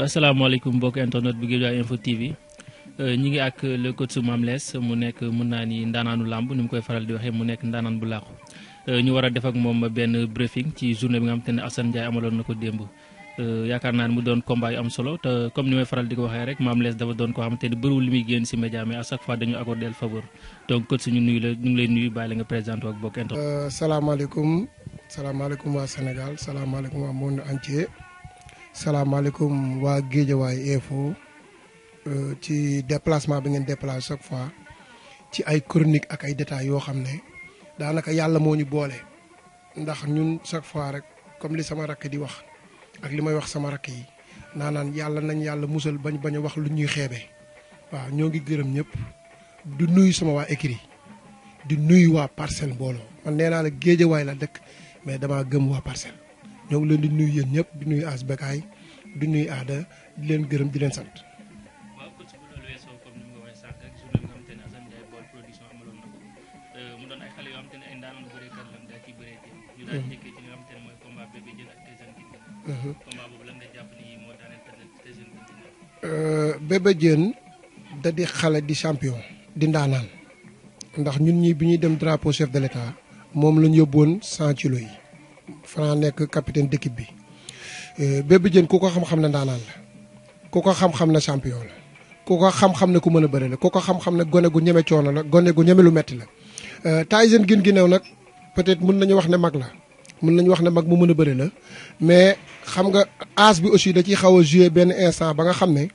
Euh, asalaamaaleykum mbokk internet bu Guédiawaye info TV euh, ñi ngi ak le coach Mame Less mu nekk mun naa ni ndaanaanu làmb ni mu koy faral di waxee mu nekk ndaanaan bu làqu euh, ñu war a def ak moom benn briefing ci journée bi nga xam te ne Assane Ndiaye amaloon na ko démb yaakaar naa ne mu doon combat am solo te comme ni may faral di ko waxee rek Mame Less dafa doon koo xam te ne bëriwul li muy génn si média à chaque fois dañu accordé le faveur donc coach ñu nuyu la ñu ngi lay nuyu bàyyi la nga présenté ak mbokk internet. salaamaaleykum salaamaaleykum waa Sénégal salaamaaleykum waa monde entier. salaamaaleykum waa Guédiawaye info euh, ci déplacement bi ngeen déplacé chaque fois ci ay chronique ak ay détails yoo xam ne daanaka yàlla moo ñu boole ndax ñun chaque fois rek comme li sama rakk di wax ak li may wax sama rakk yi naa yàlla nañ yàlla musal bañ bañ wax lu ñuy xeebee waaw ñoo ngi gërëm ñëpp di nuyu sama waa écrit di nuyu waa parcelle mbooloo man nee naa la Guédiawaye la dëkk mais damaa gëm waa parcelle ñoo ngi leen di nuyu yéen ñëpp di nuyu Asbekaay du nuyu aada leen gërëm di leen sant. waaw kon su loolu xale di njëkkee di xale champion. di ndaanaan ndax ñun ñi bi ñuy dem drapeau chef de l' moom lañu yóbboon 100 kilo yi. Franc nekk capitaine d' bi. Euh, Bébé Diène ku ko xam-xam ne ndaanaan la ku ko xam-xam ne champion la ku ko xam-xam ne ku mën a bëri la koo ko xam-xam ne gone gu ñeme coono la gone gu ñeme lu metti la. Euh, Tyson gin gi néew nag peut-être mën nañu wax ne mag la mën nañu wax ne mag mu mën a bëri la mais xam nga âge bi aussi da ciy xaw a joué benn instant ba nga xam ne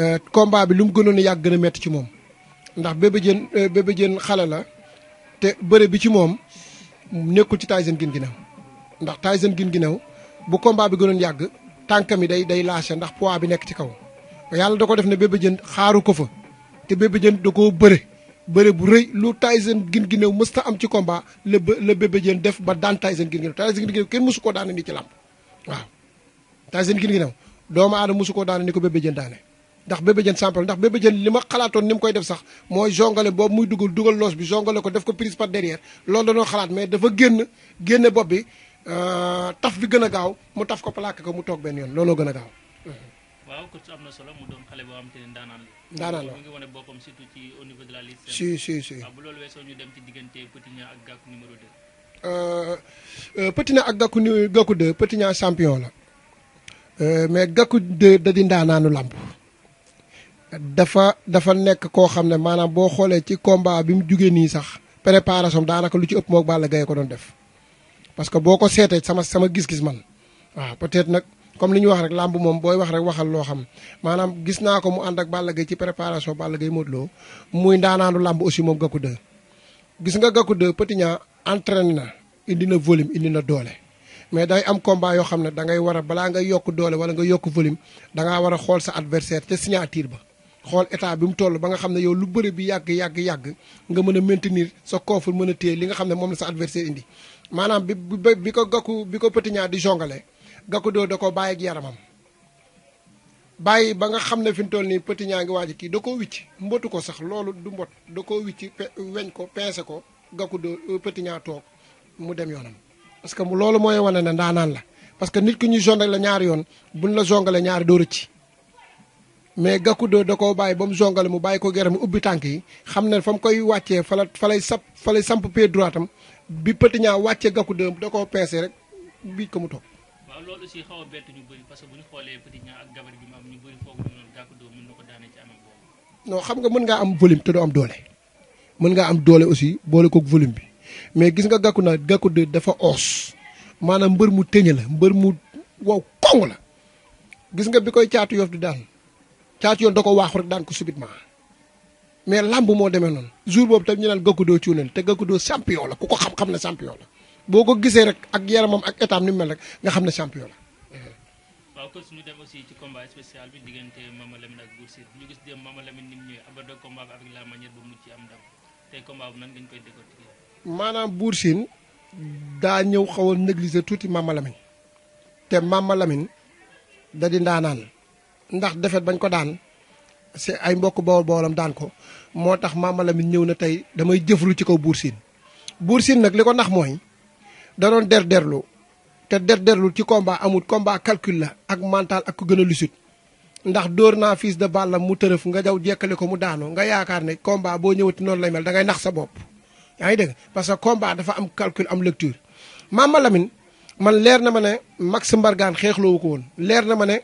euh, combat bi lu mu gënoon a yàgg gën metti ci moom. ndax Bébé Diène Bébé Diène xale la te bëri bi ci moom nekkul ci Tyson gin gi néew ndax Tyson gi néew bu combat bi gënoon yàgg tànkam yi day day lâché ndax pois bi nekk ci kaw yàlla da ko def ne Bébé Diène xaaru ko fa te Bébé Diène da koo bëre bëre bu rëy lu Tyson gin gineew mës ta am ci combat la la Bébé Diène def ba daan Tyson gin gineew Tyson gin gineew kenn mësu koo daane nii ci làmb waaw Tyson gin gineew doomu aadama mësu koo daane ni ko Bébé Diène daane ndax Bébé Diène sample ndax Bébé li ma xalaatoon ni mu koy def sax mooy jongale boobu muy dugal dugal loos bi jongale ko def ko prise par derrière loolu dañoo xalaat mais dafa génn génne bopp bi Euh, taf bi gën a gaaw mu taf ko plaqué ko mu toog benn yoon looloo gën a gaaw. waaw coach am na solo mu doon xale boo xam te ne ndaanaan la. ndaanaan la la liste. si si si waaw bu loolu weesoo ñu dem ci diggante Petit Niang ak Gakou numéro 2. Euh, euh, Petit Niang champion la mais Gakou 2 da ndaanaanu làmb dafa dafa nekk koo xam ne maanaam boo xoolee ci combat bi mu jugee nii sax préparation daanaka lu ci ëpp moog Balla Gaye ko doon def. parce que boko sété sama sama gis-gis man ah peut-être nak comme liñ wax rek lamb mom boy wax rek waxal lo xam manam gis naa ko mu and ak Balla gay ci préparation Balla gay modlo muy ndaanaanu lamb aussi mom Gakou de gis nga Gakou de Petit Niang na indi volume indi na doole mais day am combat yo xamne da ngay wara bala nga yok doole wala nga yok volume da nga wara xol sa adversaire te signature ba xool état bi mu toll ba nga xam ne yow lu bëri bi yàgg yàgg yàgg nga mën a maintenir sa kooful mën a téye li nga xam ne moom la sa adversaire indi maanaam bi bi ko gakku bi ko Petit di jongale gakku doo da ko bàyyi ak yaramam bàyyi ba nga xam ne fi mu toll nii Petit Niang ngi waaj kii da koo wicc mbotu ko sax loolu du mbot da koo wicc weñ ko peese ko gakku doo euh, Petit toog mu dem yoonam parce que loolu mooy wane ne ndaanaan la parce que nit ki ñuy jongale ñaari yoon buñ la jongale ñaari dóor ci mais Gackou da koo bàyyi ba mu jongale mu bàyyi ko gerte mu ubbi tànk yi xam ne fa mu koy wàccee fa la fa lay sap fa lay samp pied droit am bi Petit Niang wàccee Gackou da koo peese rek biij ko mu toog. waaw loolu aussi xaw a bett ñu bëri parce que bu ñu xoolee Petit Niang ak gabar gi mu am ñu bëri foog ñu noonu Gackou 2 mën ko daane ci anam boobu. xam nga mën ngaa am volume te doo doole mën ngaa am doole aussi boole koog bi mais gis nga Gackou nag Gackou dafa oos maanaam mbër mu teñe la mbër mu wow kong la gis nga bi koy caatu yoof di daal caatu yoon da ko waaxu rek daan ko subitement mais làmb moo demee noonu jour boobu tam ñu naan Gackou doo cuunal te Gackou doo champion la ku ko xam-xam ne champion la ko gisee ak yaramam ak état ni mel rek nga xam ne champion la. waaw kon suñu dem aussi ci combat spécial bi diggante Mama Lamine ak Boursine ñu gis dem Mama Lamine ni mu ñëwee abordé combat bi avec la manière bu mujj am ndam tey combat bu nan nga ñu koy daa ñëw xaw a négliger tuuti Mama Lamine te Mama Lamine da di ndaanaan. ndax defet bañ ko daan si ay mbokk bool boolam daan ko moo tax Mama Lamine ñëw na tey damay jëfru ci kaw Buur siin Buur Sine nag li ko ndax mooy da doon der derlu te der derlu ci combat amul combat calcul la ak mental ak ku gën a lusut ndax dóor naa fils de balle mu tërëf nga jaw jekkali ko mu daanoo nga yaakaar ne combat boo ñëwati noon la mel da ngay nax sa bopp yaa ngi dégg parce que combat dafa am calcul am lecture Mama Lamine man leer na ma ne Max Mbargane xeexloowu ko woon leer na ma ne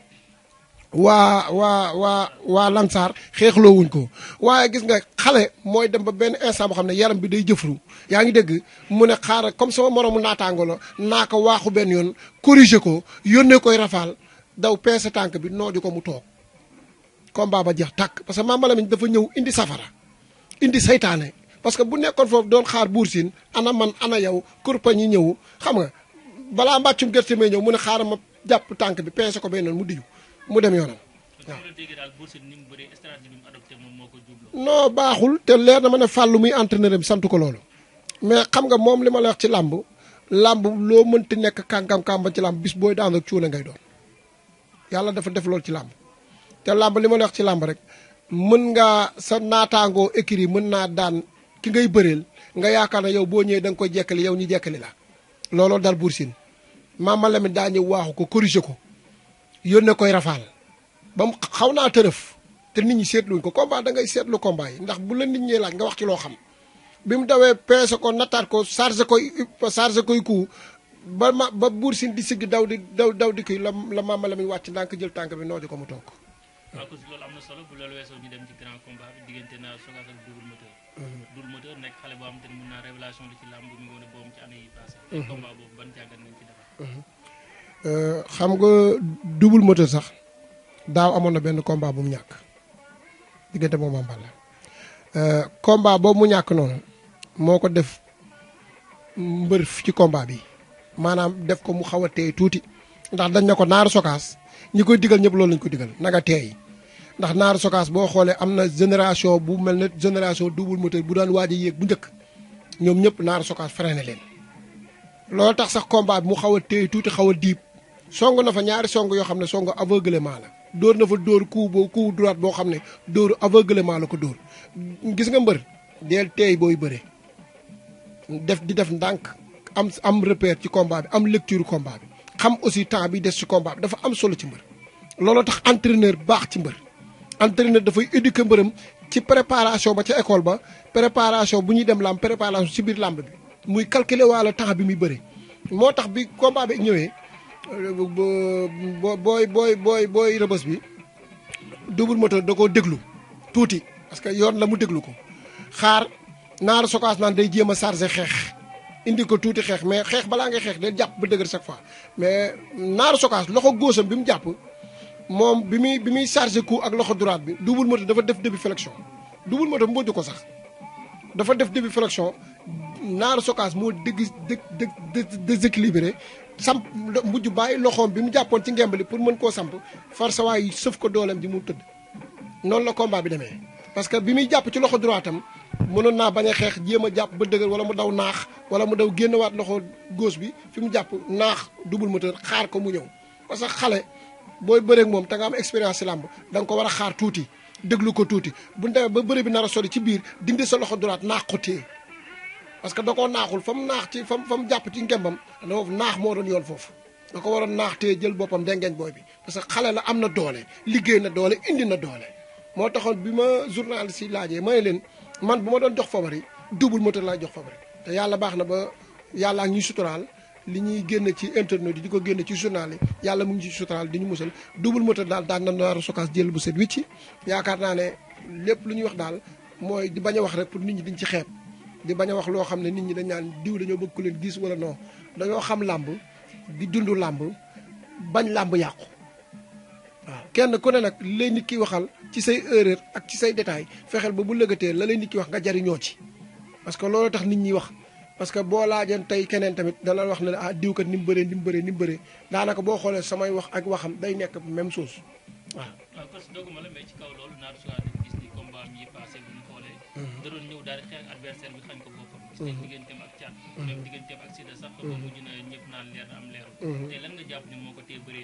waa waa waa waa Lansar xeexloo wuñ ko waaye gis nga xale mooy dem ba benn instant boo xam ne yaram bi day jëfru yaa ngi dégg mu ne xaaral comme sama moroomu naataangoolo naa ko waaxu benn yoon corriger ko yónnee koy rafaal daw peese tànk bi noo di ko mu toog combat ba jeex tàkk parce que la Lamine dafa ñëw indi safara indi saytaane parce que bu nekkoon foofu doon xaar buur siin ana man ana yow kurpañ yi ñëw xam nga balaa mbàccum gerte may ñëw mu ne xaaral ma jàpp tànk bi ko benn yoon mu mu dem yoonam no Teller, te leer na mané fallu muy entraîneur am sant ko loolu mais xam nga mom lima wax ci lamb lamb lo meunt nek kankam kamba ci lamb bis boy daan ak ciuna ngay do yalla dafa def loolu ci lamb te lamb lima la wax ci lamb rek meun nga sa natango écrit meun na daan ki ngay beurel nga yakana yow bo dang koy yow jekali la lolo dal bursin Mama Lamine daa ñëw ko corriger ko yónnee koy rafaal ba mu xaw naa tërëf te nit ñi seetluñ ko combat da ngay seetlu combat yi ndax bu la nit ñee laaj nga wax ci loo xam bi mu dawee peese ko nattaat ko chargé koy chargé koy ku ba ma ba buur si di sigg daw di daw daw di kii la la maama la muy wàcc ndànk jël tànk bi nooju ko mu toog. waaw kon loolu ci naa soog ak double mhm. nekk xale boo naa révélation li ci làmb ñu woon a mhm. ban jàngat Euh, xam nga double moteur sax daaw amoon na benn combat bu mu ñàkk diggante moom am Balla euh, combat boobu mu ñàkk noonu moo ko def mbër ci combat bi maanaam def ko mu xaw a teey tuuti ndax dañ na ko naaru sokaas ñi koy digal ñëpp loolu lañ ko digal nanga teey ndax naaru sokaas boo xoolee am na génération bu mel ne génération double moteur bu daan waaj a yéeg bu njëkk ñoom ñëpp naaru sokaas freiné leen loolu tax sax combat bi mu xaw a teey tuuti xaw a diib song na fa ñaari song yoo xam ne song aveuglement la dóor na fa dóor coup boo coup duraat boo xam ne dóor aveuglement la ko dóor gis nga mbër deel teey booy bëre def di def ndànk am am repère ci combat bi am lecture combat bi xam aussi temps bi des ci combat bi dafa am solo ci mbër looloo tax entraîneur baax ci mbër entraîneur dafay éduquer mbërëm ci préparation ba ca école ba préparation bu ñuy dem làmb préparation ci biir làmb bi muy calculer waala temps bi muy bëre moo tax bi combat bi ñëwee boo booy booy booy booy rëbës bi double moteur da koo déglu tuuti parce que yoon la mu déglu ko xaar naaru sokaas naan day jéem a xeex indi ko tuuti xeex mais xeex balaa ngay xeex day jàpp ba dëgër chaque fois mais naaru sokaas loxo góosam bi mu jàpp moom bi muy bi muy chargé coup ak loxo droite bi double moteur dafa def début flexion double moteur mbojj ko sax dafa def début flexion naaru sokaas moo dégg dé déséquilibré samp mujj bàyyi loxoom bi mu jàppoon ci ngembali pour mën koo samp farsawaay sëf ko dooleem ji mu tëdd noonu la combat bi demee parce que bi muy jàpp ci loxo droitam mënoon naa bañ a xeex jéem a jàpp ba dëgër wala mu daw naax wala mu daw génnewaat loxo góos bi fi mu jàpp naax ma moteur xaar ko mu ñëw parce que xale booy bëreek moom te nga am expérience si làmb da nga ko war a xaar tuuti déglu ko tuuti bu ñu demee ba bëre bi nar a sori ci biir dindi sa loxo droite naax ko parce que da koo naaxul fa mu naax ci fa mu fa mu jàpp ci ngembam da foofu naax moo doon yoon foofu da ko waroon naax te jël boppam dengeñ booy bi parce que xale la am na doole liggéey na doole indi na doole moo taxoon bi ma journaliste si laajee ma ne leen man bu ma doon jox favori double moto laay jox favori te yàlla baax na ba yàlla ak ñuy suturaal li ñuy génn ci internet yi ñu ko génn ci journal yàlla mu ngi ci suturaal di ñu musal double moteur daal daan na naar sokaas jël bu set wicci yaakaar naa ne lépp lu ñuy wax daal mooy di bañ a rek pour nit ñi diñ ci xeeb di bañ a wax loo xam ne nit ñi dañ naan diw dañoo bëgg ku leen gis wala noo dañoo xam làmb di dund làmb bañ làmb yàqu waaw kenn ku ne nag lay nit ki waxal ci say erreur ak ci say détail fexeel ba bu lëgatee la lay nit ki wax nga jariñoo ci parce que loolu tax nit ñi wax parce que boo laajoon tey keneen tamit dana wax ne ah diw kat ni mu bëree ni mu bëree ni mu bëree daanaka boo xoolee samay wax ak waxam day nekk même soosu waaw. ci kaw Mhm. da mhm.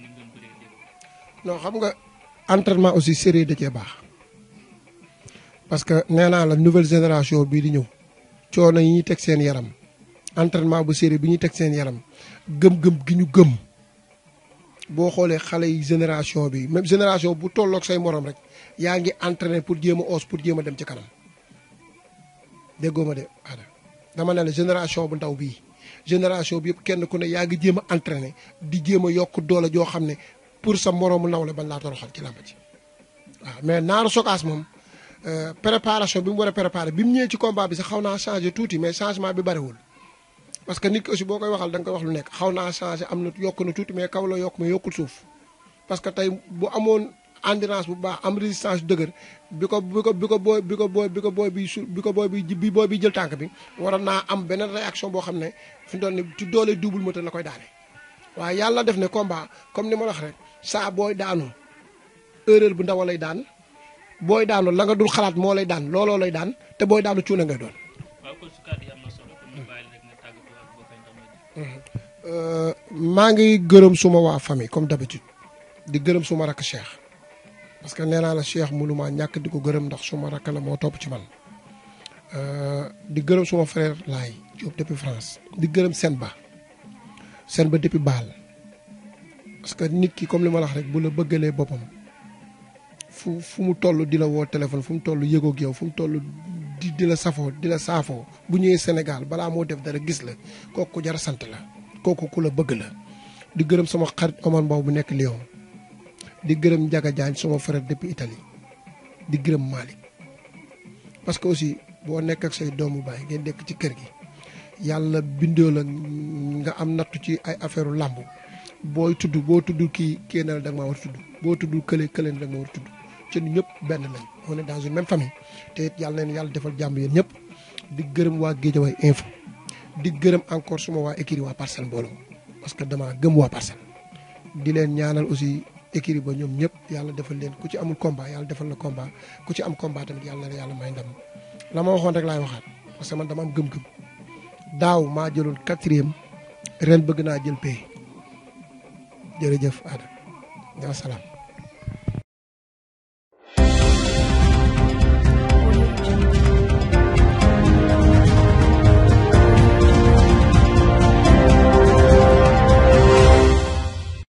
mhm. xam nga entraînement aussi sérieux da cee baax parce que nee naa la nouvelle génération bii di ñëw coono yi ñuy teg seen yaram entraînement bu sérieux bi ñuy teg seen yaram gëm-gëm gi ñu gëm boo xoolee xale yi génération bi même génération bu tolloog say morom rek yaa ngi entraîné pour jéem a pour jéema dem ci kanam déggoo ma de Ada dama ne la génération bu ndaw bii génération bi yëpp kenn ku ne yaa ngi jéem a entraîné di jéem a yokk doole joo xam ne pour sa moroomu naw la ban laa toroxal ci làmb ci waaw mais naaru sokaas moom euh, préparation bi mu war a préparé bi mu ñëwee ci combat bi sax xaw naa changé tuuti mais changement bi bariwul parce que nit ki aussi boo koy waxal da nga koy wax lu nekk xaw naa changé am na yokk na tuuti mais kaw la yokk mais yokkul suuf parce que endurance bu baax am résistance dëgër bi ko bi ko bi booy bi ko booy bi ko booy bi su bi ko booy bi bi jël tànk bi waroon naa am beneen réaction boo xam ne fi mu toll nii ci doole double moteur la koy daane. waaye yàlla def ne combat comme ni ma la rek saa booy daanu erreur bu ndaw lay daan booy daanu la nga dul xalaat moo lay daan looloo lay daan te booy daanu cuuna ngay doon. Mhm. Euh, maa ngi gërëm suma waa famille comme d'habitude di gërëm suma rakk Cheikh parce que nee naa la Cheikh mënuma ñàkk di ko gërëm ndax suma rakk la moo topp ci man euh, di gërëm suma frère laay Diop depuis France di gërëm seen ba seen ba depuis Baal parce que nit ki comme li ma la rek bu la bëggalee boppam fu fu mu toll di la woo téléphone fu mu toll yëgoog yow fu mu toll di di la safoo di la saafoo bu ñëwee Sénégal balaa moo def dara gis la kooku ku sant la kooku ku la bëgg la di gërëm sama xarit Omar Mbow bu nekk Lyon di gërëm Ndiaga Diagne sama frère depuis Italie di gërëm Malick parce que aussi boo nekk ak say doomu baay ngeen nekk ci kër gi yàlla bindoo la nga am nattu ci ay affaire làmb booy tudd boo tudd kii kii na la da tudd boo tudd kële kële na da ma war tudd ci ñun ñëpp benn lañ on est dans une même famille te it yàlla neen yàlla defal jàmb yéen ñëpp di gërëm waa Guédiawaye info di gërëm encore suma waa écurie waa Parcelles mbooloo parce que dama gëm waa Parcelles di leen ñaanal aussi écrit ba ñoom ñëpp yàlla defal leen ku ci amul combat yàlla defal na combat ku ci am combat tamit yàlla na la yàlla may ndam la ma waxoon rek laa waxaat parce que man dama am gëm-gëm daaw maa jëloon quatrième ren bëgg naa jël pay jërëjëf Ada wa